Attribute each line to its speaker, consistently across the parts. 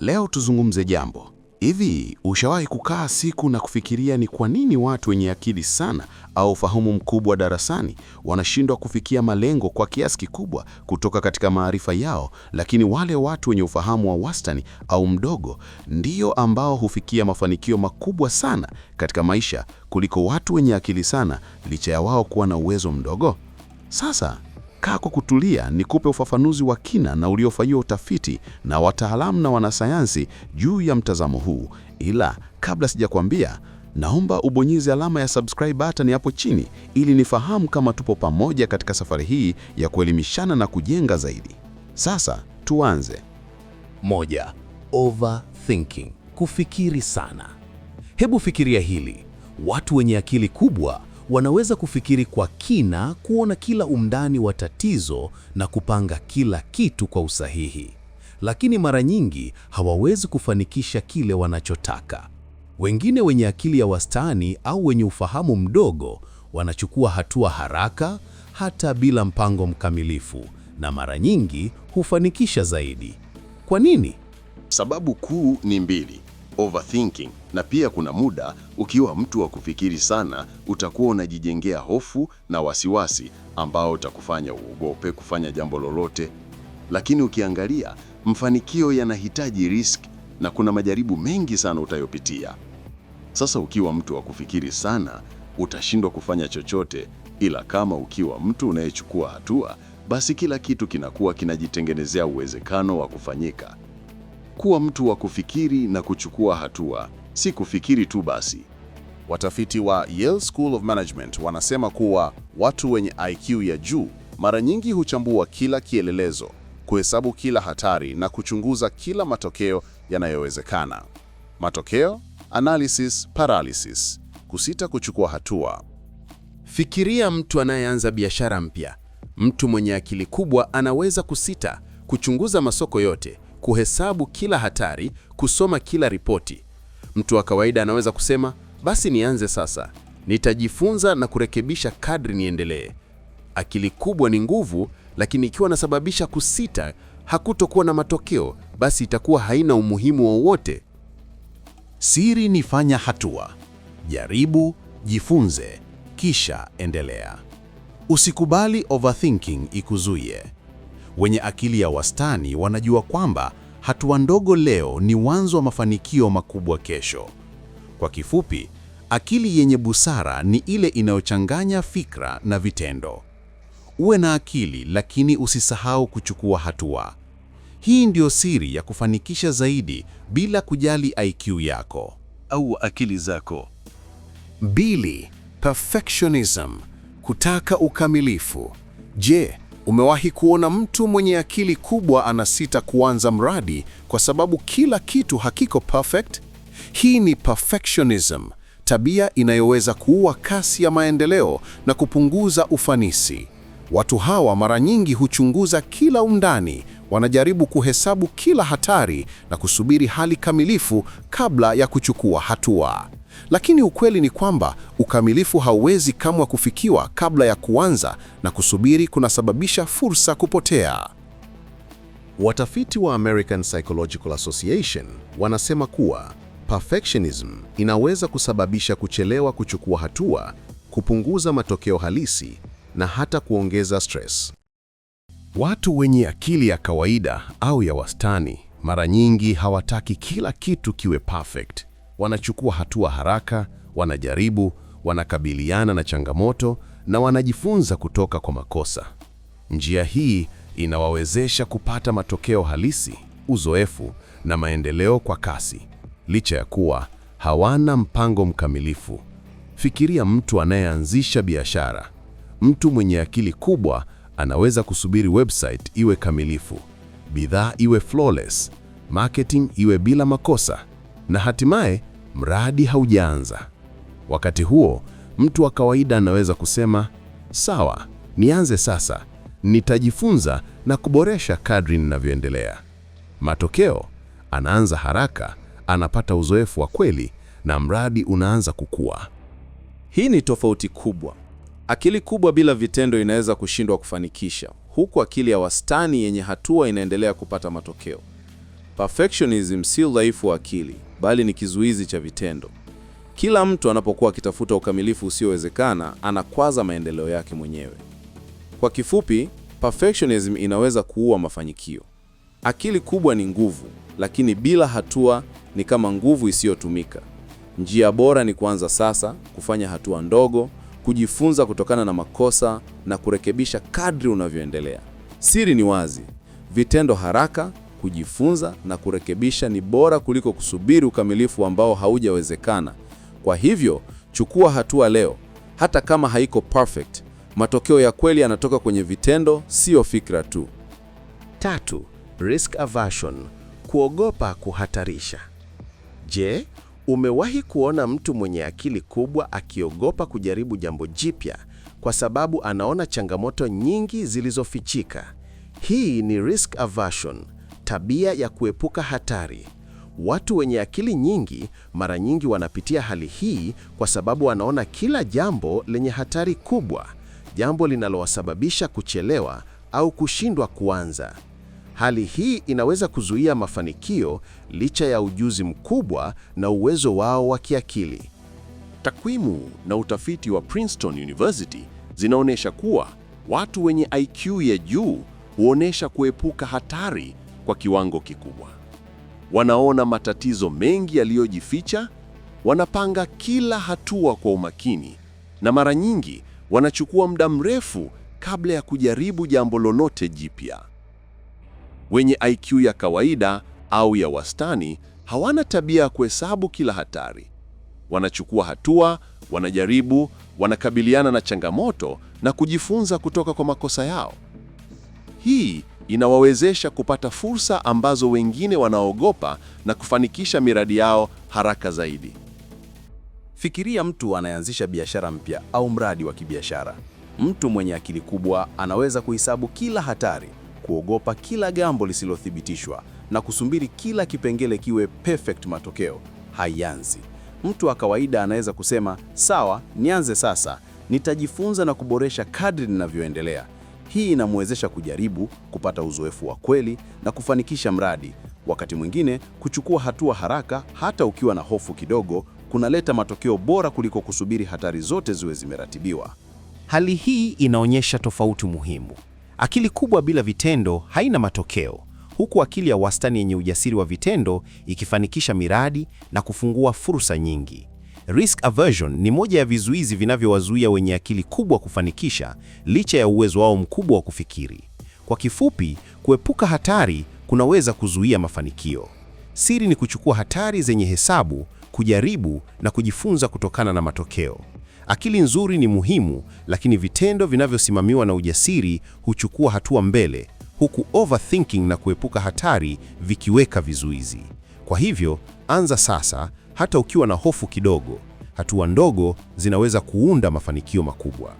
Speaker 1: Leo tuzungumze jambo hivi. Ushawahi kukaa siku na kufikiria ni kwa nini watu wenye akili sana au ufahamu mkubwa darasani wanashindwa kufikia malengo kwa kiasi kikubwa kutoka katika maarifa yao, lakini wale watu wenye ufahamu wa wastani au mdogo ndio ambao hufikia mafanikio makubwa sana katika maisha kuliko watu wenye akili sana, licha ya wao kuwa na uwezo mdogo? Sasa Kaa kwa kutulia, nikupe ufafanuzi wa kina na uliofanyiwa utafiti na wataalamu na wanasayansi juu ya mtazamo huu. Ila kabla sijakwambia, naomba ubonyeze alama ya subscribe button hapo chini ili nifahamu kama tupo pamoja katika safari hii ya kuelimishana na kujenga zaidi. Sasa tuanze.
Speaker 2: Moja, overthinking, kufikiri sana. Hebu fikiria hili, watu wenye akili kubwa wanaweza kufikiri kwa kina, kuona kila umdani wa tatizo na kupanga kila kitu kwa usahihi, lakini mara nyingi hawawezi kufanikisha kile wanachotaka. Wengine wenye akili ya wastani au wenye ufahamu mdogo wanachukua hatua haraka, hata bila mpango mkamilifu, na mara nyingi hufanikisha zaidi. Kwa nini?
Speaker 3: Sababu kuu ni mbili overthinking, na pia kuna muda ukiwa mtu wa kufikiri sana, utakuwa unajijengea hofu na wasiwasi ambao utakufanya uogope kufanya jambo lolote. Lakini ukiangalia, mafanikio yanahitaji risk na kuna majaribu mengi sana utayopitia. Sasa ukiwa mtu wa kufikiri sana, utashindwa kufanya chochote, ila kama ukiwa mtu unayechukua hatua, basi kila kitu kinakuwa kinajitengenezea uwezekano wa kufanyika kuwa mtu wa kufikiri na kuchukua hatua, si kufikiri tu basi.
Speaker 4: Watafiti wa Yale School of Management wanasema kuwa watu wenye IQ ya juu mara nyingi huchambua kila kielelezo, kuhesabu kila hatari na kuchunguza kila matokeo yanayowezekana. Matokeo analysis paralysis, kusita kuchukua hatua.
Speaker 1: Fikiria mtu anayeanza biashara mpya. Mtu mwenye akili kubwa anaweza kusita kuchunguza masoko yote, kuhesabu kila hatari, kusoma kila ripoti. Mtu wa kawaida anaweza kusema, basi nianze sasa, nitajifunza na kurekebisha kadri niendelee. Akili kubwa ni nguvu, lakini ikiwa nasababisha kusita, hakutokuwa na matokeo, basi itakuwa haina umuhimu wowote.
Speaker 2: Siri ni fanya hatua, jaribu, jifunze, kisha endelea. Usikubali overthinking ikuzuie wenye akili ya wastani wanajua kwamba hatua ndogo leo ni mwanzo wa mafanikio makubwa kesho. Kwa kifupi, akili yenye busara ni ile inayochanganya fikra na vitendo. Uwe na akili lakini usisahau kuchukua hatua. Hii ndio siri ya kufanikisha zaidi bila kujali IQ yako au akili zako.
Speaker 5: Bili, perfectionism, kutaka ukamilifu. Je, Umewahi kuona mtu mwenye akili kubwa anasita kuanza mradi kwa sababu kila kitu hakiko perfect? Hii ni perfectionism, tabia inayoweza kuua kasi ya maendeleo na kupunguza ufanisi. Watu hawa mara nyingi huchunguza kila undani, wanajaribu kuhesabu kila hatari na kusubiri hali kamilifu kabla ya kuchukua hatua. Lakini ukweli ni kwamba ukamilifu hauwezi kamwe kufikiwa kabla ya kuanza, na kusubiri kunasababisha fursa kupotea.
Speaker 4: Watafiti wa American Psychological Association wanasema kuwa perfectionism inaweza kusababisha kuchelewa kuchukua hatua, kupunguza matokeo halisi na hata kuongeza stress.
Speaker 1: Watu wenye akili ya kawaida au ya wastani mara nyingi hawataki kila kitu kiwe perfect wanachukua hatua haraka, wanajaribu, wanakabiliana na changamoto na wanajifunza kutoka kwa makosa. Njia hii inawawezesha kupata matokeo halisi, uzoefu na maendeleo kwa kasi, licha ya kuwa hawana mpango mkamilifu. Fikiria mtu anayeanzisha biashara. Mtu mwenye akili kubwa anaweza kusubiri website iwe kamilifu, bidhaa iwe flawless, marketing iwe bila makosa, na hatimaye mradi haujaanza. Wakati huo mtu wa kawaida anaweza kusema sawa, nianze sasa, nitajifunza na kuboresha kadri ninavyoendelea. Matokeo, anaanza haraka, anapata uzoefu wa kweli na mradi unaanza kukua.
Speaker 6: Hii ni tofauti kubwa. Akili kubwa bila vitendo inaweza kushindwa kufanikisha, huku akili ya wastani yenye hatua inaendelea kupata matokeo. Perfectionism si udhaifu wa akili, bali ni kizuizi cha vitendo. Kila mtu anapokuwa akitafuta ukamilifu usiowezekana, anakwaza maendeleo yake mwenyewe. Kwa kifupi, perfectionism inaweza kuua mafanikio. Akili kubwa ni nguvu, lakini bila hatua ni kama nguvu isiyotumika. Njia bora ni kuanza sasa, kufanya hatua ndogo, kujifunza kutokana na makosa na kurekebisha kadri unavyoendelea. Siri ni wazi: vitendo haraka kujifunza na kurekebisha ni bora kuliko kusubiri ukamilifu ambao haujawezekana. Kwa hivyo, chukua hatua leo, hata kama haiko perfect. Matokeo ya kweli yanatoka kwenye vitendo, siyo fikra tu.
Speaker 7: Tatu, risk aversion, kuogopa kuhatarisha. Je, umewahi kuona mtu mwenye akili kubwa akiogopa kujaribu jambo jipya kwa sababu anaona changamoto nyingi zilizofichika? Hii ni risk aversion tabia ya kuepuka hatari. Watu wenye akili nyingi mara nyingi wanapitia hali hii kwa sababu wanaona kila jambo lenye hatari kubwa, jambo linalowasababisha kuchelewa au kushindwa kuanza. Hali hii inaweza kuzuia mafanikio licha ya ujuzi mkubwa na uwezo wao wa kiakili.
Speaker 8: Takwimu na utafiti wa Princeton University zinaonyesha kuwa watu wenye IQ ya juu huonesha kuepuka hatari kwa kiwango kikubwa. Wanaona matatizo mengi yaliyojificha, wanapanga kila hatua kwa umakini, na mara nyingi wanachukua muda mrefu kabla ya kujaribu jambo lolote jipya. Wenye IQ ya kawaida au ya wastani hawana tabia ya kuhesabu kila hatari. Wanachukua hatua, wanajaribu, wanakabiliana na changamoto na kujifunza kutoka kwa makosa yao. Hii inawawezesha kupata fursa ambazo wengine wanaogopa na kufanikisha miradi yao haraka zaidi.
Speaker 1: Fikiria mtu anayeanzisha biashara mpya au mradi wa kibiashara. Mtu mwenye akili kubwa anaweza kuhesabu kila hatari, kuogopa kila gambo lisilothibitishwa na kusubiri kila kipengele kiwe perfect, matokeo haianzi. Mtu wa kawaida anaweza kusema sawa, nianze sasa, nitajifunza na kuboresha kadri ninavyoendelea. Hii inamwezesha kujaribu, kupata uzoefu wa kweli na kufanikisha mradi. Wakati mwingine, kuchukua hatua haraka, hata ukiwa na hofu kidogo, kunaleta matokeo bora kuliko kusubiri hatari zote ziwe zimeratibiwa.
Speaker 2: Hali hii inaonyesha tofauti muhimu. Akili kubwa bila vitendo haina matokeo, huku akili ya wastani yenye ujasiri wa vitendo ikifanikisha miradi na kufungua fursa nyingi. Risk aversion ni moja ya vizuizi vinavyowazuia wenye akili kubwa kufanikisha licha ya uwezo wao mkubwa wa kufikiri. Kwa kifupi, kuepuka hatari kunaweza kuzuia mafanikio. Siri ni kuchukua hatari zenye hesabu, kujaribu na kujifunza kutokana na matokeo. Akili nzuri ni muhimu, lakini vitendo vinavyosimamiwa na ujasiri huchukua hatua mbele, huku overthinking na kuepuka hatari vikiweka vizuizi. Kwa hivyo anza sasa, hata ukiwa na hofu kidogo. Hatua ndogo zinaweza kuunda mafanikio makubwa.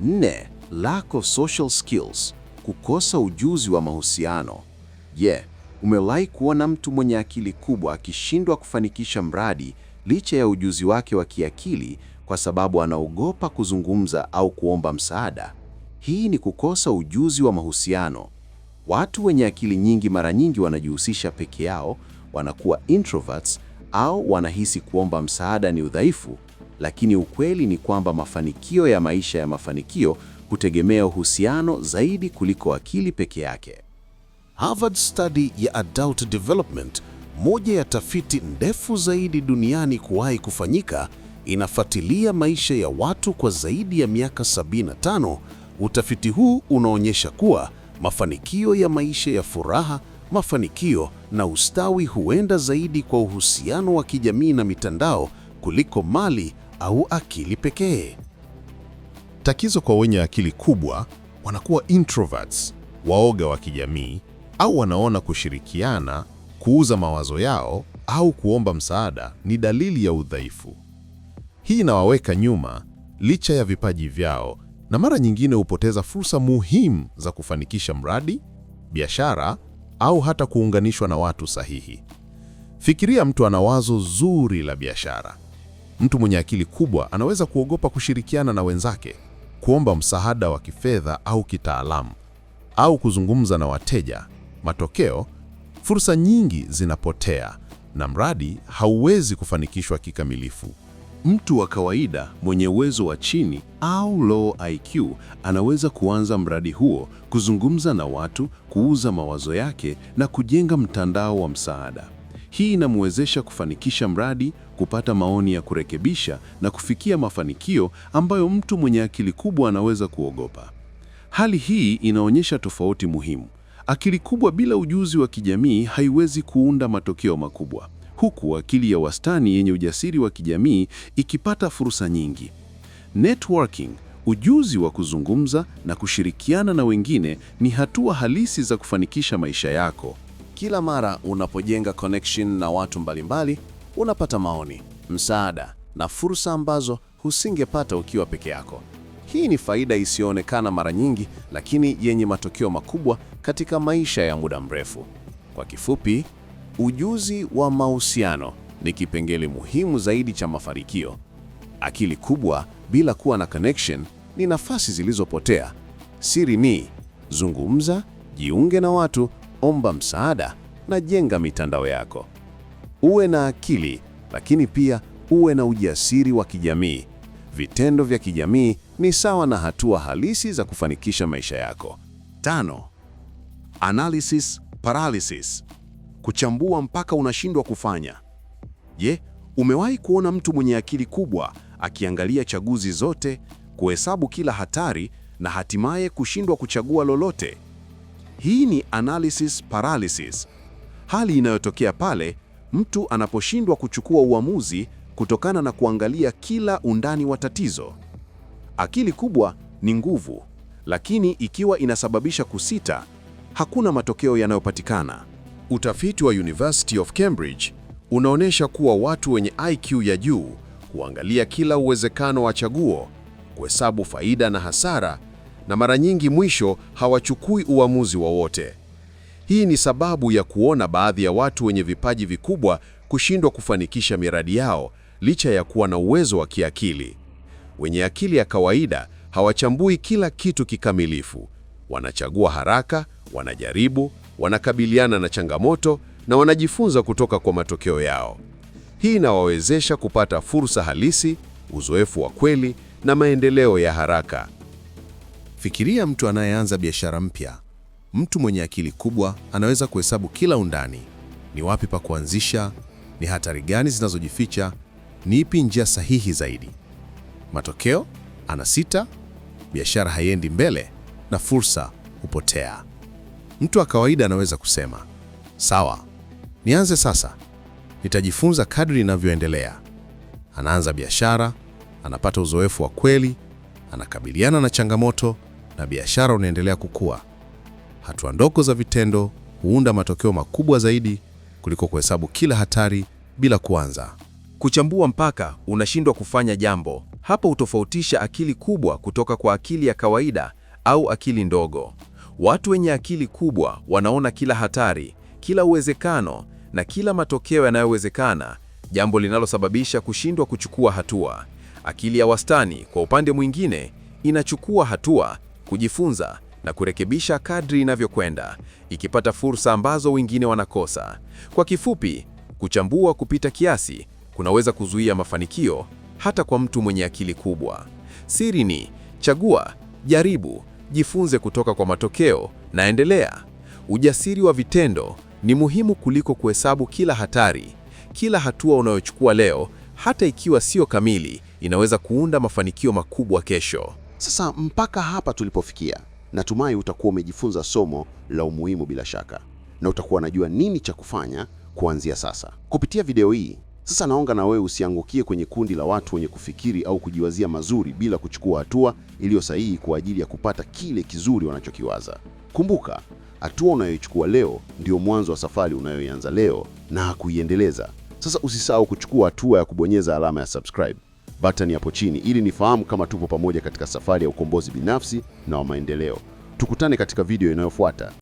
Speaker 9: Nne, lack of social skills, kukosa ujuzi wa mahusiano. Je, yeah, umewahi kuona mtu mwenye akili kubwa akishindwa kufanikisha mradi licha ya ujuzi wake wa kiakili kwa sababu anaogopa kuzungumza au kuomba msaada? Hii ni kukosa ujuzi wa mahusiano. Watu wenye akili nyingi mara nyingi wanajihusisha peke yao, wanakuwa introverts au wanahisi kuomba msaada ni udhaifu, lakini ukweli ni kwamba mafanikio ya maisha ya mafanikio hutegemea uhusiano zaidi kuliko akili peke yake.
Speaker 10: Harvard Study ya Adult Development, moja ya tafiti ndefu zaidi duniani kuwahi kufanyika, inafuatilia maisha ya watu kwa zaidi ya miaka 75. Utafiti huu unaonyesha kuwa mafanikio ya maisha ya furaha, mafanikio na ustawi huenda zaidi kwa uhusiano wa kijamii na mitandao kuliko mali au akili pekee.
Speaker 1: Tatizo kwa wenye akili kubwa, wanakuwa introverts, waoga wa kijamii, au wanaona kushirikiana, kuuza mawazo yao au kuomba msaada ni dalili ya udhaifu. Hii inawaweka nyuma licha ya vipaji vyao na mara nyingine hupoteza fursa muhimu za kufanikisha mradi, biashara au hata kuunganishwa na watu sahihi. Fikiria mtu ana wazo zuri la biashara. Mtu mwenye akili kubwa anaweza kuogopa kushirikiana na wenzake, kuomba msaada wa kifedha au kitaalamu, au kuzungumza na wateja. Matokeo, fursa nyingi zinapotea na mradi hauwezi kufanikishwa kikamilifu. Mtu wa kawaida mwenye uwezo wa chini au low IQ anaweza kuanza mradi huo, kuzungumza na watu, kuuza mawazo yake na kujenga mtandao wa msaada. Hii inamwezesha kufanikisha mradi, kupata maoni ya kurekebisha na kufikia mafanikio ambayo mtu mwenye akili kubwa anaweza kuogopa. Hali hii inaonyesha tofauti muhimu. Akili kubwa bila ujuzi wa kijamii haiwezi kuunda matokeo makubwa huku akili ya wastani yenye ujasiri wa kijamii ikipata fursa nyingi. Networking, ujuzi wa kuzungumza na kushirikiana na wengine, ni hatua halisi za kufanikisha maisha yako. Kila mara unapojenga connection na watu mbalimbali, unapata maoni, msaada na fursa ambazo husingepata ukiwa peke yako. Hii ni faida isiyoonekana mara nyingi, lakini yenye matokeo makubwa katika maisha ya muda mrefu. Kwa kifupi, Ujuzi wa mahusiano ni kipengele muhimu zaidi cha mafanikio. Akili kubwa bila kuwa na connection ni nafasi zilizopotea. Siri ni zungumza, jiunge na watu, omba msaada na jenga mitandao yako. Uwe na akili, lakini pia uwe na ujasiri wa kijamii. Vitendo vya kijamii ni sawa na hatua halisi za kufanikisha maisha yako.
Speaker 2: Tano, analysis paralysis kuchambua mpaka unashindwa kufanya. Je, umewahi kuona mtu mwenye akili kubwa akiangalia chaguzi zote, kuhesabu kila hatari na hatimaye kushindwa kuchagua lolote? Hii ni analysis paralysis, hali inayotokea pale mtu anaposhindwa kuchukua uamuzi kutokana na kuangalia kila undani wa tatizo. Akili kubwa ni nguvu, lakini ikiwa inasababisha kusita, hakuna matokeo yanayopatikana.
Speaker 4: Utafiti wa University of Cambridge unaonyesha kuwa watu wenye IQ ya juu huangalia kila uwezekano wa chaguo, kuhesabu faida na hasara, na mara nyingi mwisho hawachukui uamuzi wowote. Hii ni sababu ya kuona baadhi ya watu wenye vipaji vikubwa kushindwa kufanikisha miradi yao licha ya kuwa na uwezo wa kiakili. Wenye akili ya kawaida hawachambui kila kitu kikamilifu. Wanachagua haraka, wanajaribu, wanakabiliana na changamoto na wanajifunza kutoka kwa matokeo yao. Hii inawawezesha kupata fursa halisi, uzoefu wa kweli na maendeleo ya haraka.
Speaker 1: Fikiria mtu anayeanza biashara mpya. Mtu mwenye akili kubwa anaweza kuhesabu kila undani: ni wapi pa kuanzisha, ni hatari gani zinazojificha, ni ipi njia sahihi zaidi. Matokeo, anasita, biashara haiendi mbele na fursa hupotea. Mtu wa kawaida anaweza kusema sawa, nianze sasa, nitajifunza kadri inavyoendelea. Anaanza biashara, anapata uzoefu wa kweli, anakabiliana na changamoto, na biashara unaendelea kukua. Hatua ndogo za vitendo huunda matokeo makubwa zaidi kuliko kuhesabu kila hatari bila kuanza kuchambua mpaka unashindwa kufanya jambo. Hapo hutofautisha akili kubwa kutoka kwa akili ya kawaida au akili ndogo. Watu wenye akili kubwa wanaona kila hatari, kila uwezekano na kila matokeo yanayowezekana, jambo linalosababisha kushindwa kuchukua hatua. Akili ya wastani, kwa upande mwingine, inachukua hatua, kujifunza na kurekebisha kadri inavyokwenda, ikipata fursa ambazo wengine wanakosa. Kwa kifupi, kuchambua kupita kiasi kunaweza kuzuia mafanikio hata kwa mtu mwenye akili kubwa. Siri ni chagua, jaribu jifunze kutoka kwa matokeo na endelea. Ujasiri wa vitendo ni muhimu kuliko kuhesabu kila hatari. Kila hatua unayochukua leo, hata ikiwa sio kamili, inaweza kuunda mafanikio makubwa kesho. Sasa mpaka hapa tulipofikia, natumai utakuwa umejifunza somo la umuhimu bila shaka, na utakuwa unajua nini cha kufanya kuanzia sasa. Kupitia video hii sasa naonga na wewe usiangukie kwenye kundi la watu wenye kufikiri au kujiwazia mazuri bila kuchukua hatua iliyo sahihi kwa ajili ya kupata kile kizuri wanachokiwaza. Kumbuka, hatua unayoichukua leo ndio mwanzo wa safari unayoianza leo na kuiendeleza. Sasa usisahau kuchukua hatua ya kubonyeza alama ya subscribe button hapo chini ili nifahamu kama tupo pamoja katika safari ya ukombozi binafsi na wa maendeleo. Tukutane katika video inayofuata.